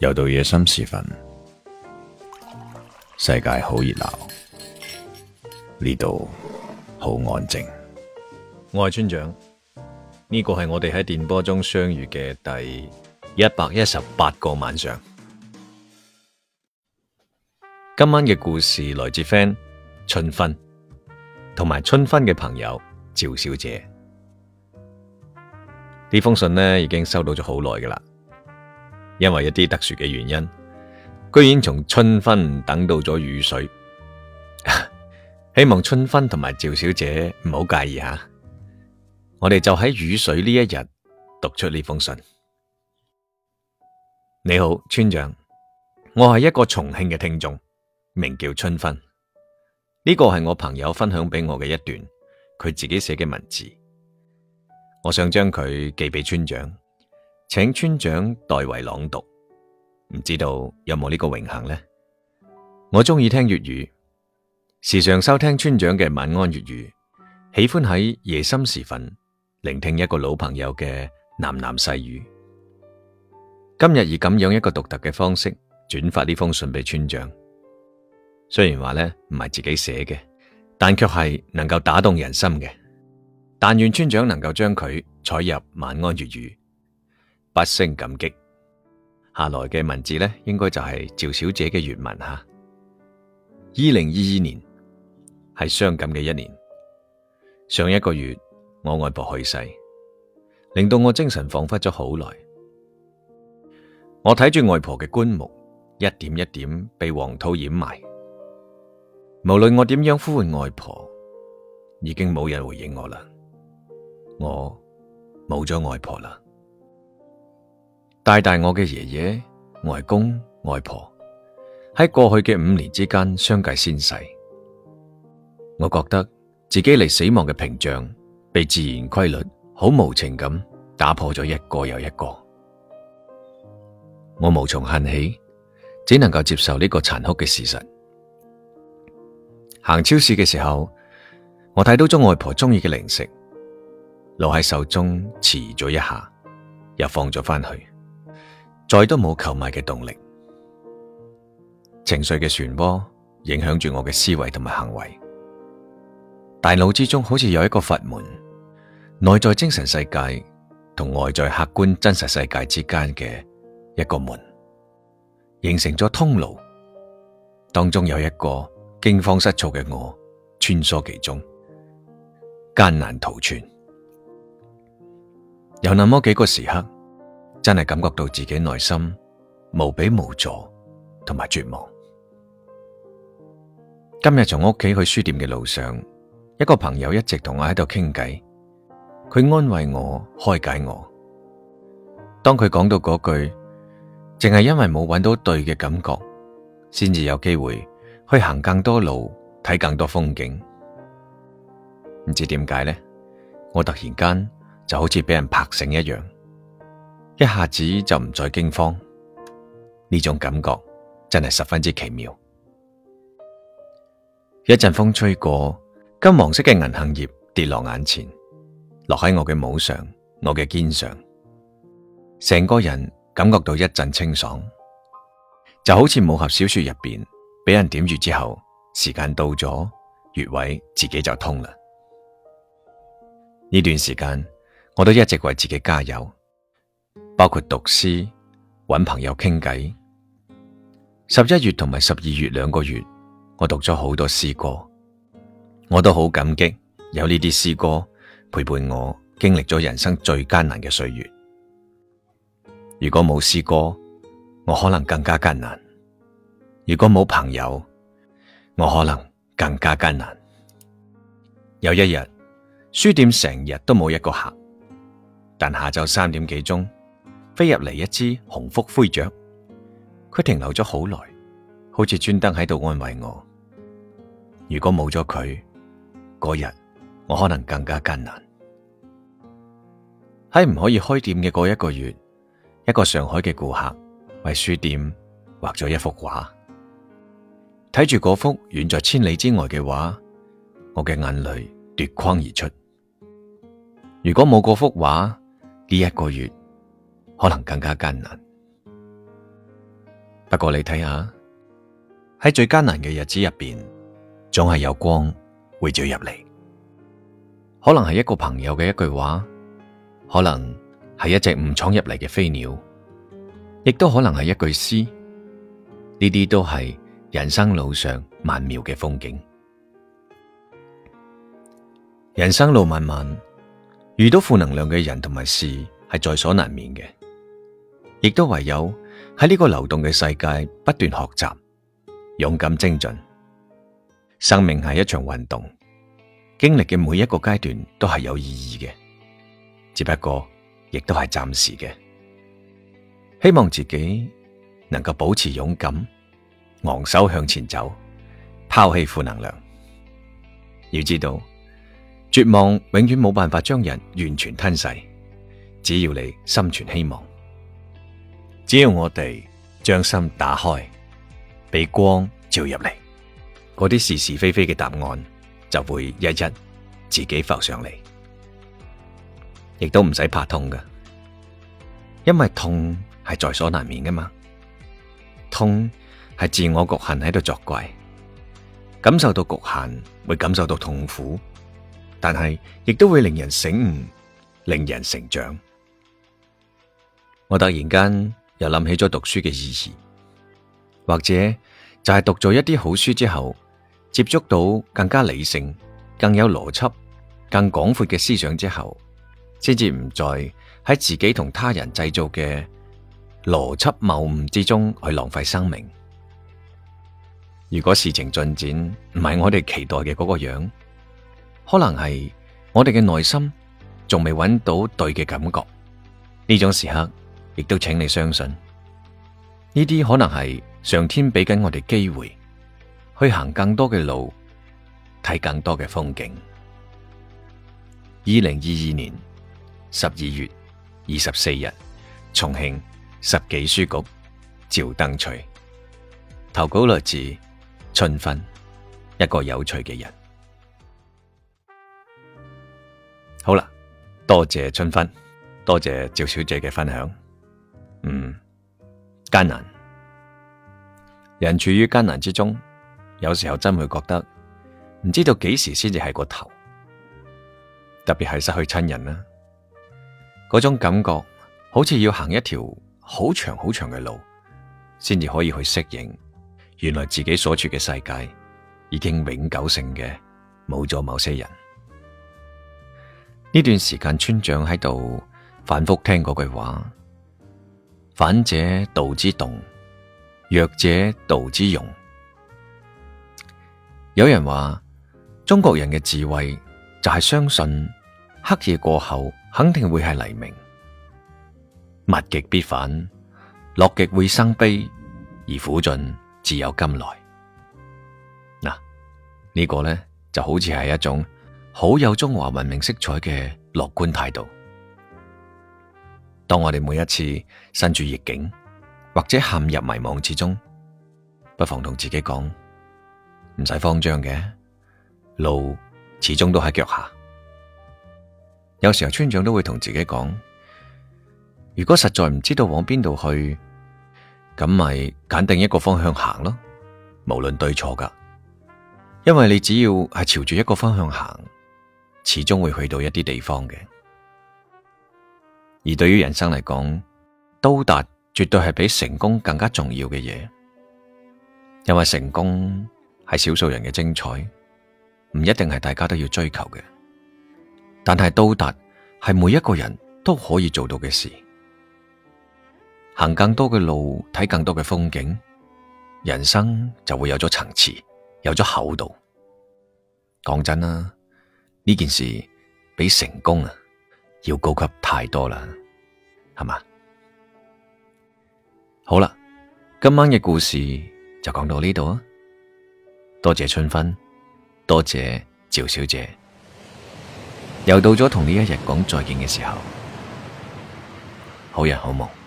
又到夜深時分，世界好熱鬧，呢度好安靜。我係村長，呢個係我哋喺電波中相遇嘅第一百一十八個晚上。今晚嘅故事來自 FAN 春分，同埋春分嘅朋友趙小姐。呢封信呢已經收到咗好耐噶啦。因為一啲特殊嘅原因，居然從春分等到咗雨水。 希望春分同埋趙小姐唔好介意吓，我哋就喺雨水呢一日讀出呢封信。你好，村長，我係一個重慶嘅聽眾，名叫春分。呢、這個係我朋友分享俾我嘅一段，佢自己寫嘅文字。我想將佢寄俾村長。請村長代為朗讀，唔知道有冇呢個榮幸呢？我中意聽粵語，時常收聽村長嘅晚安粵語，喜歡喺夜深時分聆聽一個老朋友嘅喃喃細語。今日以咁樣一個獨特嘅方式轉發呢封信俾村長，雖然話呢唔係自己寫嘅，但卻係能夠打動人心嘅。但願村長能夠將佢採入晚安粵語。不勝感激。下來嘅文字呢，應該就係趙小姐嘅原文哈。二零二二年係傷感嘅一年。上一個月，我外婆去世，令到我精神恍惚咗好耐。我睇住外婆嘅棺木，一點一點被黃土掩埋。無論我點樣呼喚外婆，已經冇人回應我啦。我冇咗外婆啦。大大我嘅爺爺、外公、外婆喺過去嘅五年之間相繼先逝，我覺得自己離死亡嘅屏障被自然規律好無情咁打破咗一個又一個，我無從恨起，只能夠接受呢個殘酷嘅事實。行超市嘅時候，我睇到咗外婆中意嘅零食，攞喺手中持咗一下，又放咗翻去。再都冇購買嘅動力，情緒嘅漩渦影響住我嘅思維同埋行為。大腦之中好似有一個閥門，內在精神世界同外在客觀真實世界之間嘅一個門，形成咗通路。當中有一個驚慌失措嘅我穿梭其中，艱難逃竄。有那麼幾個時刻。真係感覺到自己內心無比無助同埋絕望。今日從屋企去書店嘅路上，一個朋友一直同我喺度傾偈，佢安慰我、開解我。當佢講到嗰句，淨係因為冇揾到對嘅感覺，先至有機會去行更多路、睇更多風景。唔知點解咧，我突然間就好似俾人拍醒一樣。一下子就唔再驚慌，呢種感覺真係十分之奇妙。一陣風吹過，金黃色嘅銀杏葉跌落眼前，落喺我嘅帽上、我嘅肩上，成個人感覺到一陣清爽，就好似武俠小說入邊俾人點穴之後，時間到咗，穴位自己就通啦。呢段時間我都一直為自己加油。包括讀詩、揾朋友傾偈。十一月同埋十二月兩個月，我讀咗好多詩歌，我都好感激有呢啲詩歌陪伴我經歷咗人生最艱難嘅歲月。如果冇詩歌，我可能更加艱難；如果冇朋友，我可能更加艱難。有一日，書店成日都冇一個客，但下晝三點幾鐘。飛入嚟一支紅腹灰雀，佢停留咗好耐，好似專登喺度安慰我。如果冇咗佢，嗰日我可能更加艱難。喺唔可以開店嘅嗰一個月，一個上海嘅顧客為書店畫咗一幅畫，睇住嗰幅遠在千里之外嘅畫，我嘅眼淚奪眶而出。如果冇嗰幅畫，呢一個月可能更加艱難，不過你睇下喺最艱難嘅日子入邊，總係有光會照入嚟。可能係一個朋友嘅一句話，可能係一隻誤闖入嚟嘅飛鳥，亦都可能係一句詩。呢啲都係人生路上曼妙嘅風景。人生路漫漫，遇到負能量嘅人同埋事係在所難免嘅。亦都唯有喺呢個流動嘅世界不斷學習，勇敢精進。生命係一場運動，經歷嘅每一個階段都係有意義嘅，只不過亦都係暫時嘅。希望自己能夠保持勇敢，昂首向前走，拋棄負能量。要知道，絕望永遠冇辦法將人完全吞噬，只要你心存希望。只要我哋將心打開，俾光照入嚟，嗰啲是是非非嘅答案就會一一自己浮上嚟，亦都唔使怕痛㗎，因為痛係在所難免噶嘛，痛係自我局限喺度作怪，感受到局限會感受到痛苦，但係亦都會令人醒悟，令人成長。我突然間，又諗起咗讀書嘅意義，或者就係讀咗一啲好書之後，接觸到更加理性、更有邏輯、更廣闊嘅思想之後，先至唔再喺自己同他人製造嘅邏輯謬誤之中去浪費生命。如果事情進展唔係我哋期待嘅嗰個樣，可能係我哋嘅內心仲未揾到對嘅感覺呢種時刻。亦都請你相信，呢啲可能係上天俾緊我哋機會，去行更多嘅路，睇更多嘅風景。二零二二年十二月二十四日，重慶十幾書局，趙登翠投稿，來自春分，一個有趣嘅人。好啦，多謝春分，多謝趙小姐嘅分享。嗯，艱難。人處於艱難之中，有時候真會覺得唔知道幾時先至係個頭。特別係失去親人啦，嗰種感覺好似要行一條好長好長嘅路，先至可以去適應。原來自己所處嘅世界已經永久性嘅冇咗某些人。呢段時間，村長喺度反復聽嗰句話。反者道之動，弱者道之用。有人話中國人嘅智慧就係相信黑夜過後肯定會係黎明。物極必反，樂極會生悲，而苦盡自有甘來。嗱、這個，呢個咧就好似係一種好有中華文明色彩嘅樂觀態度。當我哋每一次身處逆境，或者陷入迷茫之中，不妨同自己講，唔使慌張嘅，路始終都喺腳下。有時候村長都會同自己講，如果實在唔知道往邊度去，咁咪揀定一個方向行咯，無論對錯㗎，因為你只要係朝住一個方向行，始終會去到一啲地方嘅。而對於人生嚟講，到達絕對係比成功更加重要嘅嘢，因為成功係少數人嘅精彩，唔一定係大家都要追求嘅。但係到達係每一個人都可以做到嘅事，行更多嘅路，睇更多嘅風景，人生就會有咗層次，有咗厚度。講真啦，呢件事比成功啊要高級太多啦，係嘛？好啦，今晚嘅故事就講到呢度啊！多謝春分，多謝趙小姐，又到咗同呢一日講再見嘅時候，好人好夢。